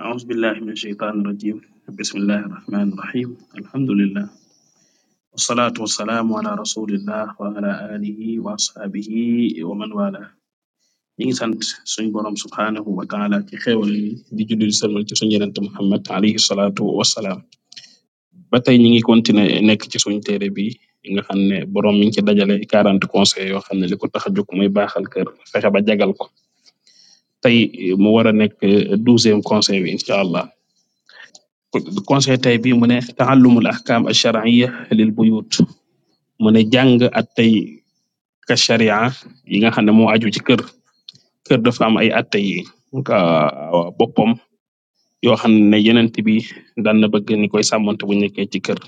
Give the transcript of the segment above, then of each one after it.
axusbillah min a irajim bismillahi irrahmani irrahim alhamdulilah wasalaatu wasalaamu ala rasulillah wa ala alihi wa asxaabihi wa man wala ñi ngi sant suñ borom subxaanahu wa taala ci xéewal yi di julli di ci suñu yenent Muhammad alayhi salaatu wasalaam ba tey ñi ngi continuer nekk ci suñ téere bi nga xam ne borom mi ngi ci dajale quarante conseil yoo xam ne li ko tax a jok moy baaxal kër fexe ba jagal ko. tey mu war a nekk euh, douzième conseil bi incha allah conseil tey bi mu ne taallumul ahkam alsharciya lil buyut mu ne jàng attey ka sharia yi nga xam ne moo aju ci kër kër dafa am ay attey boppam yoo xam ne yenent bi daan na bëgg ni koy sàmmante bu nekkee ci kër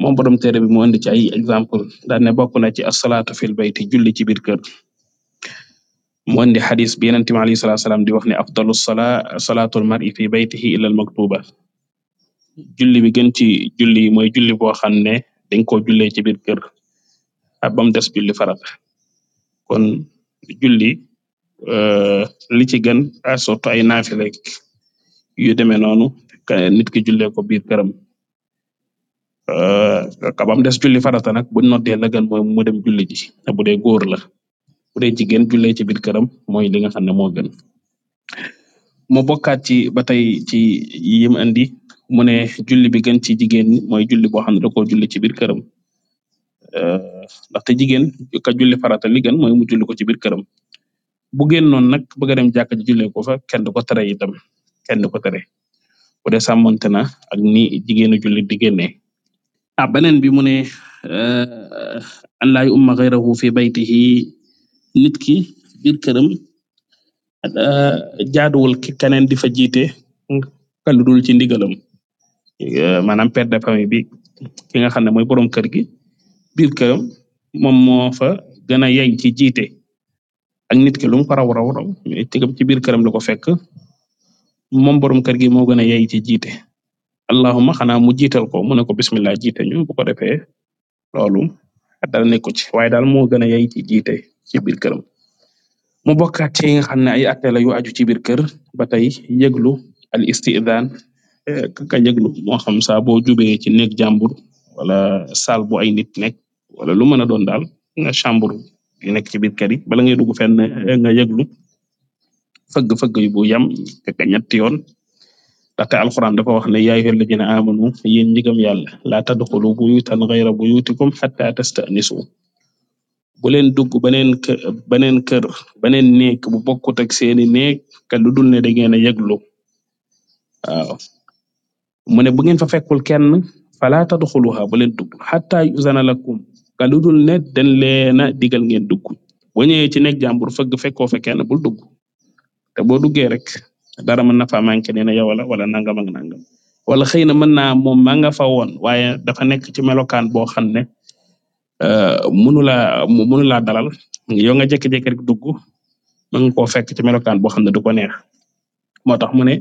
moom borom téere bi mu indi ci ay exemple daan ne bokk na ci asalaatu fil bayti julli ci biir kër mu andi xadis bi yonente bi alayhi salatu salaam di wax ne afdalu salaa salaatul mar'i fi baytihi illa al maktuba julli bi gën ci juli yi mooy julli boo xam ne dañ koo jullee ci biir kër ah, ba mu des julli farata kon juli euh, li ci gën ah, surtout ay naafila yu demee noonu nit ki jullee ko biir këram euh, ka ba mu des julli farata nag bu noddee la gën mu dem julli ji bu dee góor la. bu dee jigéen jullee ci biir këram mooy li nga xam ne moo gën mu bokkaat ci ba tey ci yim andi mu ne julli bi gën ci jigéen ñi mooy julli boo xam ne da koo julli ci biir këram ndaxte jigéen ka julli farata li gën mooy mu julli ko ci biir këram bu génnoon nag bëgg dem jàkka ji ko fa kenn du ko tere itam kenn du tere bu dee sàmmonte ni jigéenu juli di génnee ah beneen bi mu ne an laa yu umma nit ki biir këram euh, jaaduwul keneen di fa jiite kaludul ci ndigalam euh, maanaam père de famille bi ki nga xam ne mooy boroom kër gi biir këram moom moo fa gën a yey ci jiite ak nit ki lum mu ko raw raw raw ci biir këram la ko fekk moom boroom kër gi moo gën a yey ci jiite allahuma xanaa mu jiital ko mu ne ko bismillah jiite ñu bu ko defee loolu dara nekku ci waaye daal moo gën a yey ci jiite. ci biir këram mu bokkaat ci nga xam ne ay atte la yu aju ci biir kër ba tey yëglu al istidaan eh, ka yëglu moo xam saa boo jubee ci neeg jàmbur wala saal bu ay nit nekk wala lu mëna doon daal nga chambur yu nekk ci biir kër yi bala ngay dugg fenn eh, nga yëglu fëgg fëgg yu bu yam ka ñetti yoon ndaxte alxuraan dafa wax ne yaa ayyuhal ladina amanu yéen ñi gëm yàlla laa tadxulu buyutan gayra buyutikum xatta tastanisu bu leen dugg beneen kër beneen kër beneen néeg bu bokkut ak seeni néeg te lu dul ne dangeen a yëglu waaw mu ne bu ngeen fa fekkul kenn falaa tadxuluha bu leen dugg xataa yuzana lakum te lu dul ne dañ leen a digal ngeen dugg boo ñëwee ci néeg jàmbur fëgg fekkoo fa kenn bul dugg te boo duggee rek dara mën na faa manqué nee na yow la wala nangam ak nangam wala fa woon waaye dafa nekk ci melokaan boo xam ne. Euh, mënu laa mënu laa dalal yow nga jékki-jékki rek dugg mën nga koo fekk ci melokaan boo xam ne du ko neex moo tax mu ne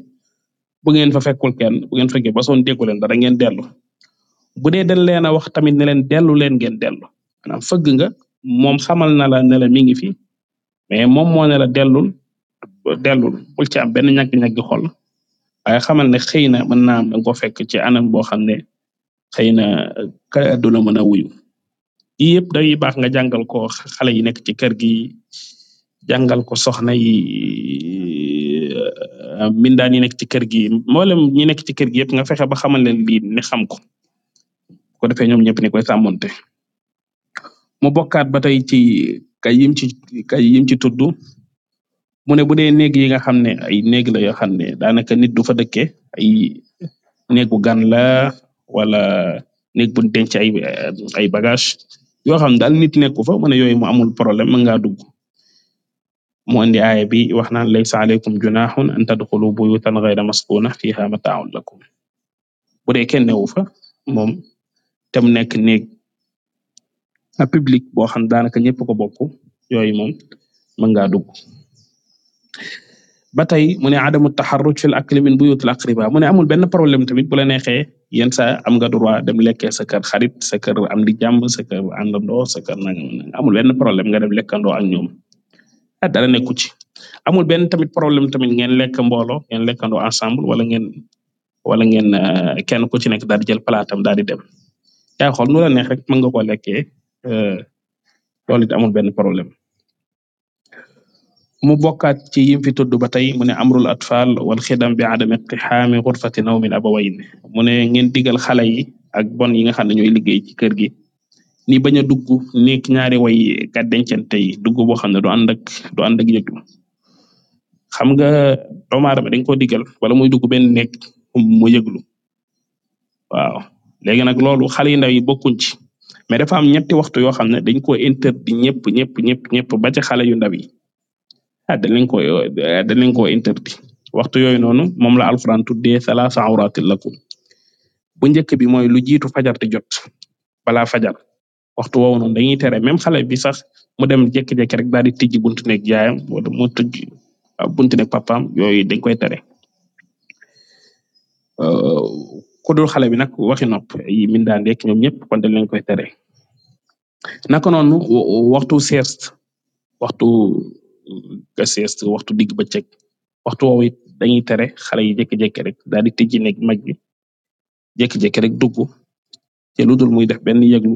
bu ngeen fa fekkul kenn bu ngeen fekkee ba soon déggu leen dara ngeen dellu bu dee dañ leen a wax tamit ne leen dellu leen ngeen dellu maanaam fëgg nga moom xamal na la ne la mi ngi fi mais moom moo ne la dellul dellul bul ci am benn ñàkk-ñàkk xol waaye xamal ne xëy na mën naa am danga ko fekk ci anam boo xam ne xëy na kay addu la mën a wuyu yii yëpp day baax nga jàngal ko xale yi nekk ci kër gi jàngal ko soxna yi eh, mbindaan yi nekk ci kër gi mboolem ñi nekk ci kër gi yëpp nga fexe ba xamal leen lii ne xam ko ko defee ñoom ñëpp ni koy sàmmonte mu bokkaat ba tey ci kay yim ci kay yim ci tudd mu ne bu dee néeg yi nga xam ne ay néeg la yoo xam ne daanaka nit du fa dëkke ay bu gan la wala néeg bu denc ay ay bagage yoo xam daal nit nekku fa mu ne yooyu mu amul problème mën ngaa dugg mu indi aaya bi wax naan laysa aleykum junahun an tadxulu buyutan ghayra maskuna fiha mata'un lakum bu dee kenn newu fa moom te mu nekk néeg a public boo xam daanaka ñëpp ko bokk yooyu moom mën ngaa dugg ba tey mu ne adamu taxarruj fil akli min buyutil aqriba mu ne amul benn problème tamit bu la neexee yenn saa am nga droit dem lekke sa kër xarit sa kër am di jàmm sa kër àndandoo sa kër nangam amul benn problème nga dem lekkandoo ak ñoom ah dara nekku ci amul benn tamit problème tamit ngeen lekk mbooloo ngeen lekkandoo ensemble wala ngeen wala ngeen euh, kenn ku ci nekk daal di jël palaatam daal di dem yaa xool nu la neex rek mën nga ko lekkee euh, loolu it amul benn problème mu bokkaat ci yim fi todd ba tey mu ne amrul atfal wal xidam bi adam iqtixaami xurfati nawmin abawayn mu ne ngeen digal xale yi ak bon yi nga xam ne ñooy liggéey ci kër gi ni bañ a dugg nekk ñaari way gàddencante tey dugg boo xam ne du ànd ak du ànd ak xam nga doomu aadama dañ ko digal wala muy dugg benn nekk mu yëglu waaw léegi nag loolu xale yu ndaw yi bokkuñ ci mais dafa am ñetti waxtu yoo xam ne dañ ko interdit ñëpp ñëpp ñëpp ñëpp ba ci xale yu ndaw yi a dañ leen ko dañ leen ko interdit waxtu yooyu noonu moom la alquran tuddee salaasa awraatin lakum bu njëkk bi mooy lu jiitu fajar di jot balaa fajar waxtu woowu noonu dañuy tere même xale bi sax mu dem jékki-jékki rek daal di tijji buntu nekk jaayam wala mu tëj ah, buntu nekk papaam yooyu dañ koy tere. Äh, ku dul xale bi nag waxi nopp yi mindaan rek ñoom ñëpp kon dañ koy tere naka waxtu sieste waxtu. nga sieste waxtu digg bëccëg waxtu woowu it dañuy tere xale yi jékki-jékki rek daal di tijji nekk mag bi rek dugg te lu dul muy def benn yëglu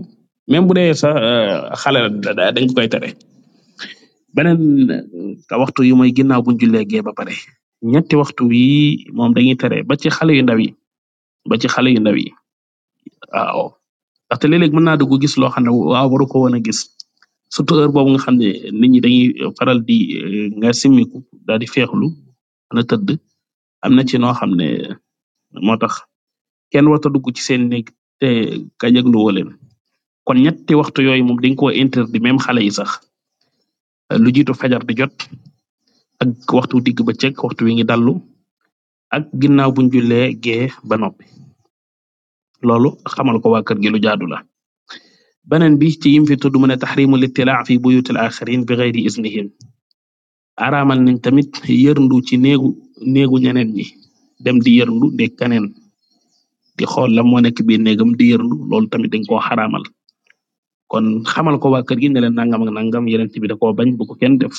même bu dee sax euh, xale la dañ ko koy tere beneen euh, waxtu yi mooy ginnaaw buñ jullee gee ba pare ñetti waxtu yi moom dañuy tere ba ci xale yu ndaw yi ba ci xale yu ndaw yi waaw ndaxte léeg-léeg mën naa dugg gis loo xam ne waaw waru ko woon a gis. surtout heure :fra boobu nga xam ne nit ñi dañuy faral di euh, nga simmeeku daal di feexlu mën a tëdd am na ci noo xam ne moo tax kenn warut a dugg ci seen néeg te nga leen kon ñetti waxtu yooyu moom dañ koo interdit :fra même xale yi sax lu jiitu fajar di jot ak waxtu digg bëccëg waxtu wi ngi dallu ak ginnaaw buñ jullee gee ba noppi loolu xamal ko waa kër gi lu jaadu la. beneen bi ci yim fi tudd mu ne taxrimul itilaa fi buyutil axirin bi geyri isnihim araamal nañ tamit yërndu ci neegu neegu ñaneen ñi dem di yërndu neeg kaneen di xool la moo nekk biir néegam di yërndu loolu tamit dañ koo xaraamal kon xamal ko waa kër gi ne leen nangam ak nangam yeneen bi da koo bañ bu ko kenn def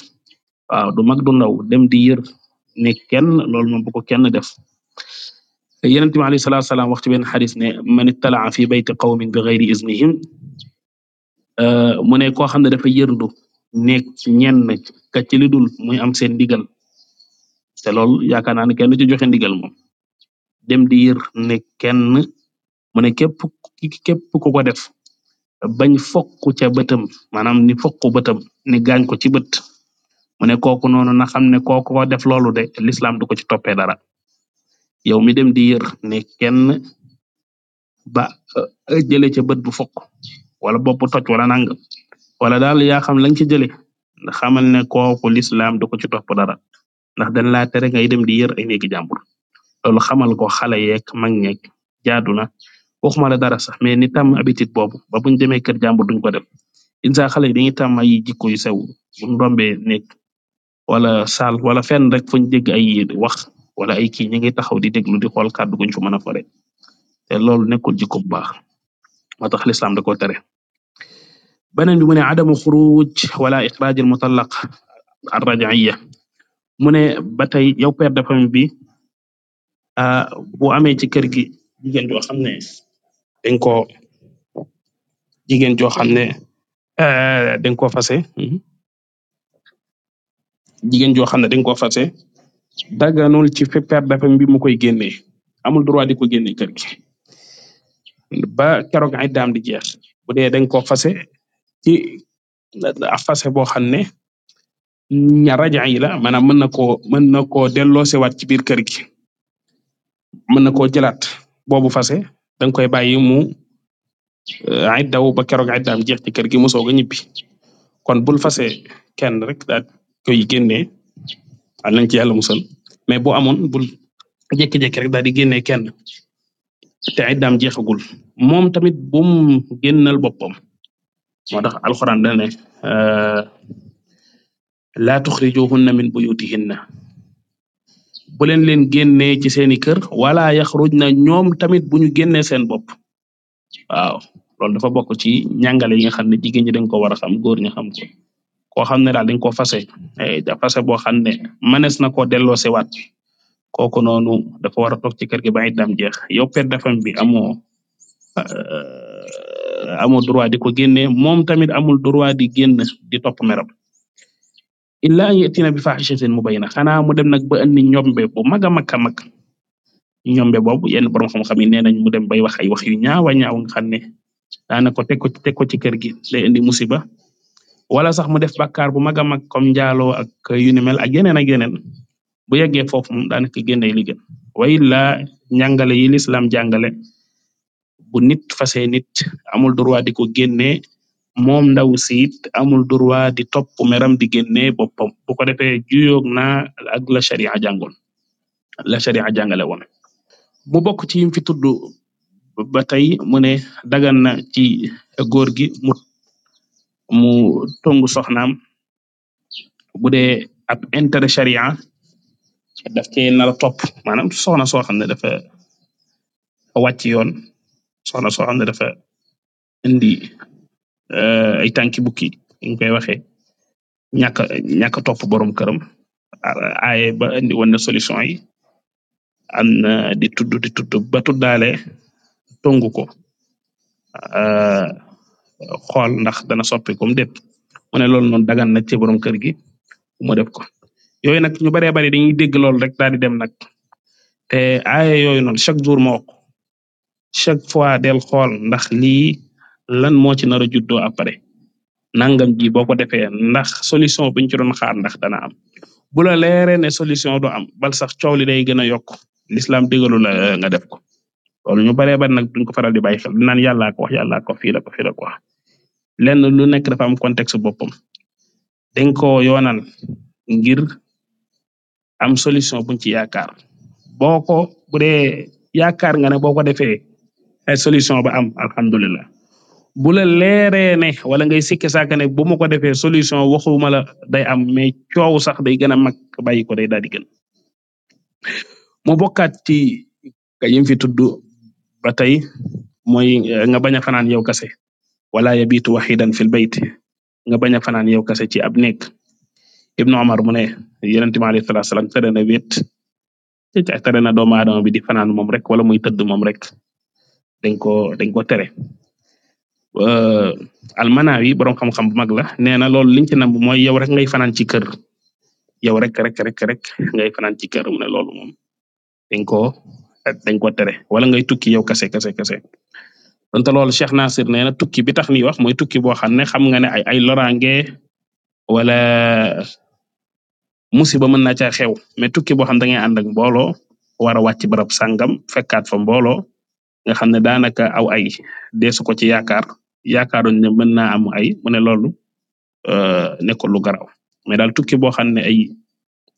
waaw du mag du ndaw dem di yër neeg kenn loolu moom bu ko kenn def yeneen bi alayhi salaatu salaam wax ci benn xadis ne man italaa fi bayti qawmin bi geyri isnihim Euh, mu ne koo xam ne dafa yërndu nekk ci ñenn ka ci li dul muy am seen ndigal te loolu yaakaar naa ne kenn du ci joxe ndigal moom di yër ne kenn mu ne képp képp ku ko def bañ fokk ca bëtam maanaam ni fokk bëtam ni gaañ ko ci bët mu ne noonu na xam ne kooku ko def loolu de lislaam du ko ci toppee dara yow mi dem di yër ne kenn ba euh, jële ca bët bu fok wala bopp toj wala nangam wala daal yaa xam lañ ci jële ndax xamal ne kooku lislaam du ko ci topp dara ndax dañ laa tere ay dem di yër ay néegi jàmbur loolu xamal ko xale yeeg mag ñeeg jaadu na waxuma la dara sax mais ni tàmm habitude boobu ba buñ demee kër jàmbur duñ ko def insa xale yi dañuy tàmm ay jikko yu sew ndombe ndombee nekk wala saal wala fenn rek fuñ dégg ay wax wala ay kii ñi ngi taxaw di déglu di xool kàddu guñ fu mën a fore te loolu nekkul jikko bu baax moo tax lislaam da tere beneen bi mu ne adamu xuruj wala ixraaj al mutallaq ar rajaiya mu ne ba tey yow père de famille bi ah, bu amee ci kër gi jigéen joo xam ne dañ ko eh, mhm. jigéen joo xam ne dañ ko fase jigéen joo xam ne dañ ko fase daganul ci père de famille bi mu koy génnee amul droit di ko génne ba keroog ay daam di jeex bu dee dañ ko fase ci fase boo xam ne ña raja yi la maanaam mën na koo mën na koo delloosewaat ci biir kër gi mën na koo jëlaat boobu fase danga koy bàyyi mu ay euh, daw ba keroog ay daam jeex ci kër gi mu a ñibbi kon bul fase kenn rek daal koy génnee al nañ ci yàlla musal mais bu amoon bul jékki-jékki rek daal di génnee kenn te ay daam jeexagul moom tamit bum génnal boppam moo tax alxuraan dana ne euh, laa tuxrijuhunna min buyutihinna bu leen leen génnee ci seeni kër wala na ñoom tamit bu ñu génnee seen bopp waaw loolu dafa bokk ci ñàngale yi xam ne jigéen ñi dañ ko war a xam góor ñi xam ko koo xam ne daal dañ ko fase eh, da fase boo xam ne mënees na koo delloo sewaat kooku noonu dafa war a toog ci kër gi ba ay dam jeex yow père de bi amoo %e euh, amoo droit di ko génne moom tamit amul droit di génn di topp meram illaa an ya'tiina bi faahishatin mubayyina xanaa mu dem nag ba andi njombe bu mag a mag a mag njombe boobu yenn borom xam-xam yi nee nañ mu dem bay wax ay wax yu ñaaw a ñaaw nga xam ne daanaka teg ko teg ko ci kër gi day indi musiba wala sax mu def bàkkaar bu mag a mag comme njaaloo ak yu ni mel ak yeneen ak yeneen bu yeggee foofu moom daanaka génnay li gën wa illaa njàngale yi lislaam jàngale. bunit nit nit amul droit di ko génne moom ndaw si it amul droit di topp meram di génne boppam bu ko defee juyoog na ak la sharia jàngoon la sharia jàngale woon mu bokk ci yim fi tudd ba tey mu ne dagan na ci góor gi mu mu tongu soxnaam bu dee ab intérêt sharia daf cee nara topp maanaam soxna soo xam ne dafa wàcc yoon. soxna soo xam ne dafa indi uh, ay tànki bukki ñu koy waxee ñàkk ñàkk a topp borom këram aaye ba indi woon na solution yi am na di tudd di tudd ba tud tuddaale tongu ko euh, xool ndax dana soppi comme déet mu ne loolu noonu dagan na ci borom kër gi mu def ko yooyu nag ñu baree bari dañuy dégg loolu rek daal di dem nag te aaye yooyu noonu chaque jour mook chaque fois del xool ndax lii lan moo ci nara juddoo apare nangam ji boo ko defee ndax solution buñu ci doon xaar ndax dana am bu la leeree ne solution du am bal sax coow li day gën a yokk lislaam digalu la nga def ko loolu ñu baree bari nag duñ ko faral di bàyyi xel dinaan yàllaa ko wax yàllaa ko fii ko fii la ko lenn lu nekk dafa am contexte boppam dañ ko yoonal ngir am solution buñ ci yaakaar boo ko bu dee yaakaar nga ne boo ko defee ay solution ba am alhamdulilah bu la leeree ne wala ngay sikki sàkk ne bu ma ko defee solution waxuma la day am mais coow sax day gën a mag bàyyi ko day daal di gën mu bokkaat ci ka yim fi tudd ba tey mooy eh, nga bañ a fanaan yow kase wala yabitu waxidan fil bayt nga bañ a fanaan yow kase ci ab néeg Ibnu Umar mu ne yonent mi alayhi salaatu salaam tere na wéet tere na doomu aadama bi di fanaan moom rek wala muy tëdd moom rek dañ ko dañ ko tere almanawi borom xam-xam bu mag la nee na loolu liñ ci nam mooy yow rek ngay fanaan ci kër yow rek rek rek rek ngay fanaan ci kër mu ne loolu dañ ko dañ ko tere wala ngay tukki yow kase kase kase donte loolu Cheikh na nee na tukki bi tax ni wax mooy tukki boo xam ne xam nga ne ay ay loraange wala musiba mën na caa xew mais tukki boo xam da ngay ànd ak mbooloo war a wàcc barab sangam fekkaat fa mbooloo nga xam ne daanaka aw ay deesu ko ci yaakaar yaakaaroon ne mën naa am ay mu ne loolu euh, nekkul lu garaw mais daal tukki boo xam ne ay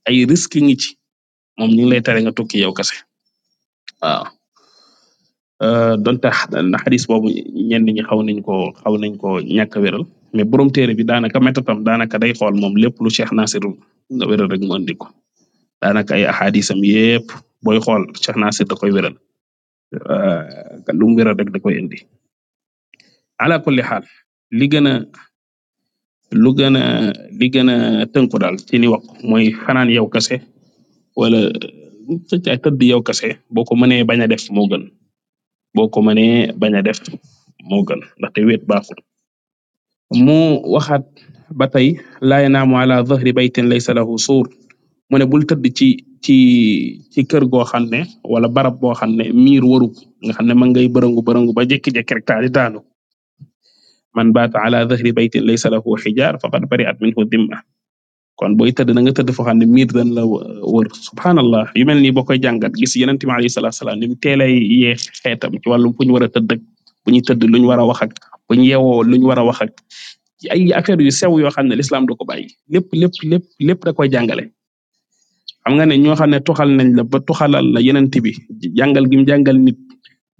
ay risque ngi ci moom ñu ngi lay tere nga tukki yow kese waaw euh, donte na xadis boobu ñenn ñi xaw nañ ko xaw nañ ko ñàkk a wéral mais borom téere bi daanaka méttotam daanaka day xool moom lépp lu Cheikh Nasir nga wéral rek mu andi ko daanaka ay ahadisam yépp booy xool Cheikh Nasir da koy wéral lu mu wéral rek da koy li gën a lu gën a li gën a tënku daal ci ni wax mooy fanaan yow kase wala ca tëdd yow kase boo ko mënee bañ a def moo gën boo ko mënee bañ a def moo gën ndaxte wéet baaxul mu waxaat ba tey laa yanaamu ala dhahri baytin laysa lahu suur mu bul tëdd ci ci ci kër goo xam ne wala barab boo xam ne miir waru nga xam ne man ngay bërëngu bërëngu ba jékki-jékki rek daal di daanu man baata ala dhahri baytin laysa lahu xijaar faqad bari'at minhu dhimma kon booy tëdd na tëdd foo xam ne miir dañ la wër subhanallah yu mel ni boo koy jàngat gis yeneen bi alayhi salaatu salaam ni mu teelay yee xeetam ci wàllum fu ñu war a tëdd ak bu ñuy tëdd lu ñu war a wax ak bu ñu yeewoo lu ñu war a wax ak ay affaire yu sew yoo xam ne l'islam du ko bàyyi lépp lépp lépp lépp da koy jàngale xam nga ne ñoo xam ne toxal nañ la ba toxalal la yenent bi jàngal gim jàngal nit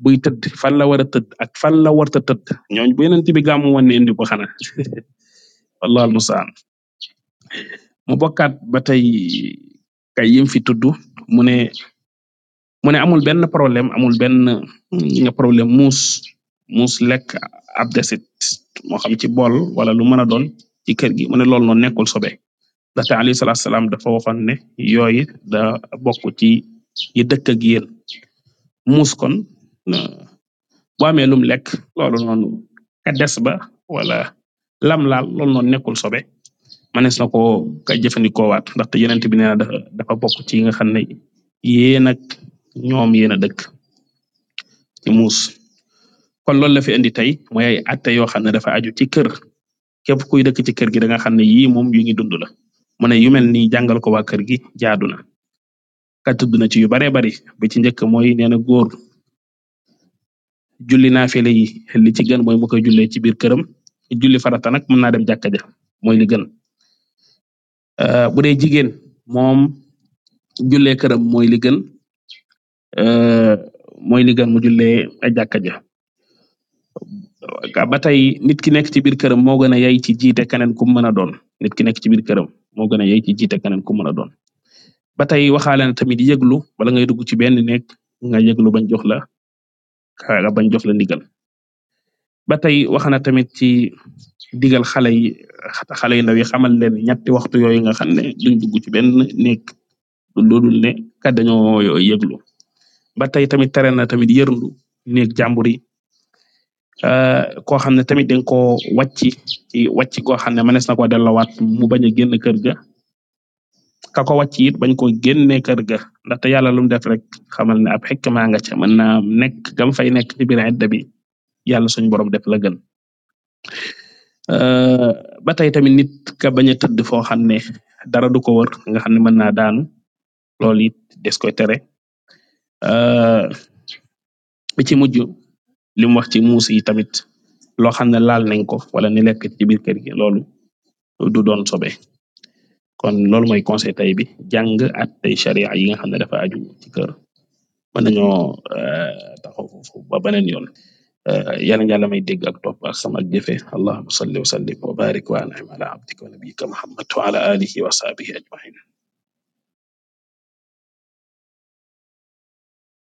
buy tëdd fan la war a tëdd ak fan la warta tëdd ñooñ bu yenent bi gàmmu woon ne indi ko xana wallahu almusaan mu bokkaat ba tey kay yim fi tudd mu ne mu ne amul benn problème amul benn nga problème muus muus lekk ab desit moo xam ci bool wala lu mën a doon ci kër gi mu ne loolu noonu nekkul sobe ndaxte alayhi salaam dafa waxoon ne yooyu da bokk ci yi dëkk ak muus kon bu amee lum lekk loolu ka des ba wala lam laal loolu noonu nekkul sobe manees na ko ka jëfandikoo waat ndaxte yenent bi nee na dafa dafa bokk ci yi nga xam ne yéen ak ñoom yéen a dëkk muus kon loolu la fi indi tey mooy ay atte yoo xam ne dafa aju ci kër képp kuy dëkk ci kër gi da nga xam ne yii moom yu ngi dund la mu ne yu mel ni jàngal ko waa kër gi jaadu na ka tudd na ci yu baree bari bi ci njëkk mooy neena góor julli naafile yi li ci gën mooy mu koy julle ci biir këram julli farata nag mën naa dem jàkka ja mooy li gën euh, bu dee jigéen moom julle këram mooy li gën euh, mooy li gën mu julle ba tey nit ki nekk ci biir këram moo gën a yay ci jiite kaneen kum a doon nit ki nekk ci biir këram. moo gën a yey ci jiite keneen ku mën a doon ba tey waxaale na tamit yëglu wala ngay dugg ci benn nekk nga yëglu bañ jox la nga bañ jox la ndigal ba tey wax na tamit ci digal xale yi xale yu ndaw yi xamal leen ñetti waxtu yooyu nga xam ne duñ dugg ci benn nekk loolu ne kat dañoo ba tey tamit tere na tamit yërndu néeg jàmbur yi Euh, koo xam ne tamit dañ koo wàcci ci wàcc goo xam ne mënees na ko dellowaat mu bañ a génn kër ga ka ko wàcc bañ ko génne kër ga ndaxte yàlla lum def rek xamal ne ab xekmaa nga ca mën na nekk gam fay nekk ci biir idda bi yàlla suñu borom def la gën euh, ba tey tamit nit ka bañ a tëdd foo xam ne dara du ko wër nga xam ne mën naa daanu loolu it des koy tere euh, bi ci li mu wax ci muus yi tamit loo xam ne laal nañ ko wala ne lekk ci biir kër gi loolu du doon sobe kon loolu mooy conseil tay bi jàng at tey sharia yi nga xam ne dafa aju ci kër mën nañoo euh, taxaw foofu ba yoon euh, yàlla yàlla may dégg ak topp ak sama ak jëfe allahuma salli wa sallim wa barik wa an'im ala abdika wa nabiyika muhammad wa ala alihi wa sahbihi ajmain